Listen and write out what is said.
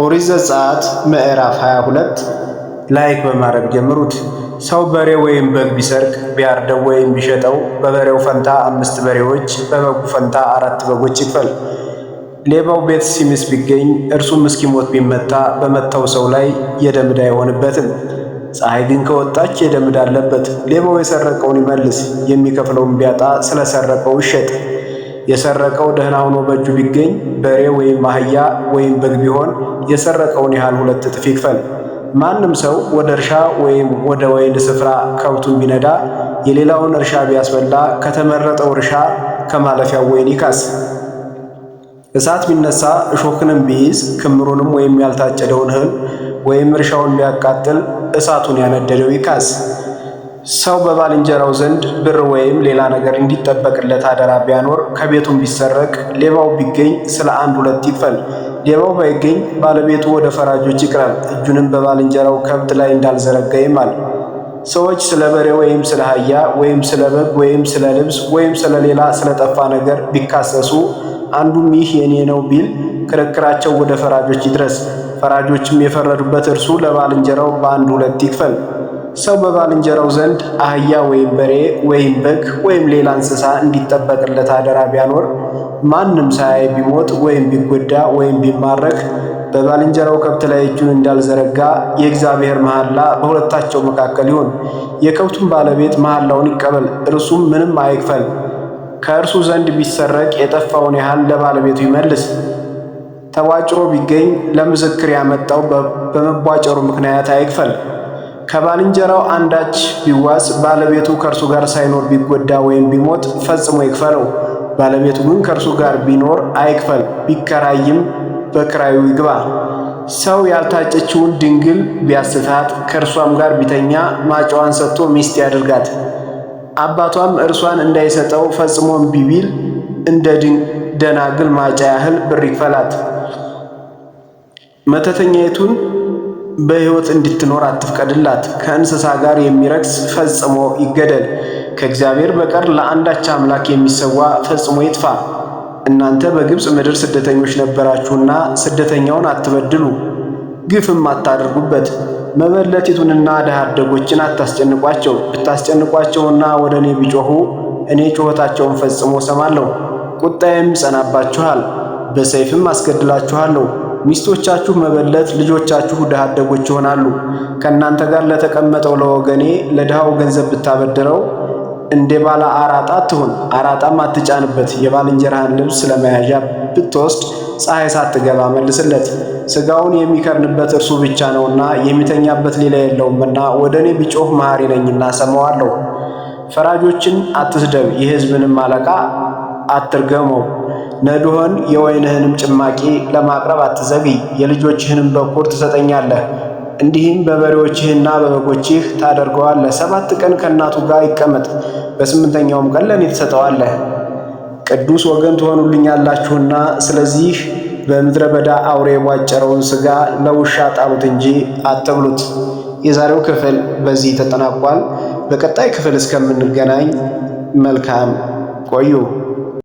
ኦሪት ዘጸአት ምዕራፍ 22 ላይክ በማድረግ ጀምሩት። ሰው በሬ ወይም በግ ቢሰርቅ ቢያርደው ወይም ቢሸጠው በበሬው ፈንታ አምስት በሬዎች በበጉ ፈንታ አራት በጎች ይክፈል። ሌባው ቤት ሲምስ ቢገኝ እርሱም እስኪሞት ቢመታ በመታው ሰው ላይ የደም ዕዳ አይሆንበትም። ፀሐይ ግን ከወጣች የደም ዕዳ አለበት። ሌባው የሰረቀውን ይመልስ፣ የሚከፍለውን ቢያጣ ስለሰረቀው ይሸጥ። የሰረቀው ደህና ሆኖ በእጁ ቢገኝ በሬ ወይም አህያ ወይም በግ ቢሆን የሰረቀውን ያህል ሁለት እጥፍ ይክፈል። ማንም ሰው ወደ እርሻ ወይም ወደ ወይን ስፍራ ከብቱን ቢነዳ የሌላውን እርሻ ቢያስበላ ከተመረጠው እርሻ ከማለፊያው ወይን ይካስ። እሳት ቢነሳ እሾክንም ቢይዝ ክምሩንም ወይም ያልታጨደውን እህል ወይም እርሻውን ቢያቃጥል እሳቱን ያነደደው ይካስ። ሰው በባልንጀራው ዘንድ ብር ወይም ሌላ ነገር እንዲጠበቅለት አደራ ቢያኖር ከቤቱም ቢሰረቅ ሌባው ቢገኝ ስለ አንድ ሁለት ይክፈል። ሌባው ባይገኝ ባለቤቱ ወደ ፈራጆች ይቅረብ፣ እጁንም በባልንጀራው ከብት ላይ እንዳልዘረጋ ይማል። ሰዎች ስለ በሬ ወይም ስለ አህያ ወይም ስለ በግ ወይም ስለ ልብስ ወይም ስለ ሌላ ስለጠፋ ነገር ቢካሰሱ አንዱም ይህ የኔ ነው ቢል ክርክራቸው ወደ ፈራጆች ይድረስ። ፈራጆችም የፈረዱበት እርሱ ለባልንጀራው በአንድ ሁለት ይክፈል። ሰው በባልንጀራው ዘንድ አህያ ወይም በሬ ወይም በግ ወይም ሌላ እንስሳ እንዲጠበቅለት አደራ ቢያኖር ማንም ሳያይ ቢሞት ወይም ቢጎዳ ወይም ቢማረክ በባልንጀራው ከብት ላይ እጁን እንዳልዘረጋ የእግዚአብሔር መሐላ በሁለታቸው መካከል ይሁን። የከብቱን ባለቤት መሐላውን ይቀበል፣ እርሱም ምንም አይክፈል። ከእርሱ ዘንድ ቢሰረቅ የጠፋውን ያህል ለባለቤቱ ይመልስ። ተቧጭሮ ቢገኝ ለምስክር ያመጣው በመቧጨሩ ምክንያት አይክፈል። ከባልንጀራው አንዳች ቢዋስ ባለቤቱ ከእርሱ ጋር ሳይኖር ቢጎዳ ወይም ቢሞት ፈጽሞ ይክፈለው። ባለቤቱ ግን ከእርሱ ጋር ቢኖር አይክፈል፣ ቢከራይም በክራዩ ይግባ። ሰው ያልታጨችውን ድንግል ቢያስታት ከእርሷም ጋር ቢተኛ ማጫዋን ሰጥቶ ሚስት ያድርጋት። አባቷም እርሷን እንዳይሰጠው ፈጽሞም ቢቢል እንደ ደናግል ማጫ ያህል ብር ይክፈላት። መተተኛይቱን በሕይወት እንድትኖር አትፍቀድላት። ከእንስሳ ጋር የሚረክስ ፈጽሞ ይገደል። ከእግዚአብሔር በቀር ለአንዳች አምላክ የሚሰዋ ፈጽሞ ይጥፋ። እናንተ በግብፅ ምድር ስደተኞች ነበራችሁና ስደተኛውን አትበድሉ፣ ግፍም አታድርጉበት። መበለቲቱንና ድሃ አደጎችን አታስጨንቋቸው። ብታስጨንቋቸውና ወደ እኔ ቢጮኹ እኔ ጩኸታቸውን ፈጽሞ ሰማለሁ። ቁጣዬም ይጸናባችኋል፣ በሰይፍም አስገድላችኋለሁ። ሚስቶቻችሁ መበለት፣ ልጆቻችሁ ድሃ አደጎች ይሆናሉ። ከእናንተ ጋር ለተቀመጠው ለወገኔ ለድሃው ገንዘብ ብታበድረው እንደ ባለ አራጣ ትሁን፣ አራጣም አትጫንበት። የባልንጀራህን ልብስ ለመያዣ ብትወስድ ፀሐይ ሳትገባ መልስለት። ስጋውን የሚከርንበት እርሱ ብቻ ነውና የሚተኛበት ሌላ የለውምና ወደ እኔ ቢጮህ መሐሪ ነኝና ሰማዋለሁ። ፈራጆችን አትስደብ፣ የሕዝብንም አለቃ አትርገመው። ነድሆን የወይንህንም ጭማቂ ለማቅረብ አትዘግይ፣ የልጆችህንም በኩር ትሰጠኛለህ። እንዲህም በበሬዎችህና በበጎችህ ታደርገዋለህ። ሰባት ቀን ከእናቱ ጋር ይቀመጥ፣ በስምንተኛውም ቀን ለእኔ ትሰጠዋለህ። ቅዱስ ወገን ትሆኑልኛላችሁና ስለዚህ በምድረ በዳ አውሬ የቧጨረውን ሥጋ ለውሻ ጣሉት እንጂ አትብሉት። የዛሬው ክፍል በዚህ ተጠናቋል። በቀጣይ ክፍል እስከምንገናኝ መልካም ቆዩ።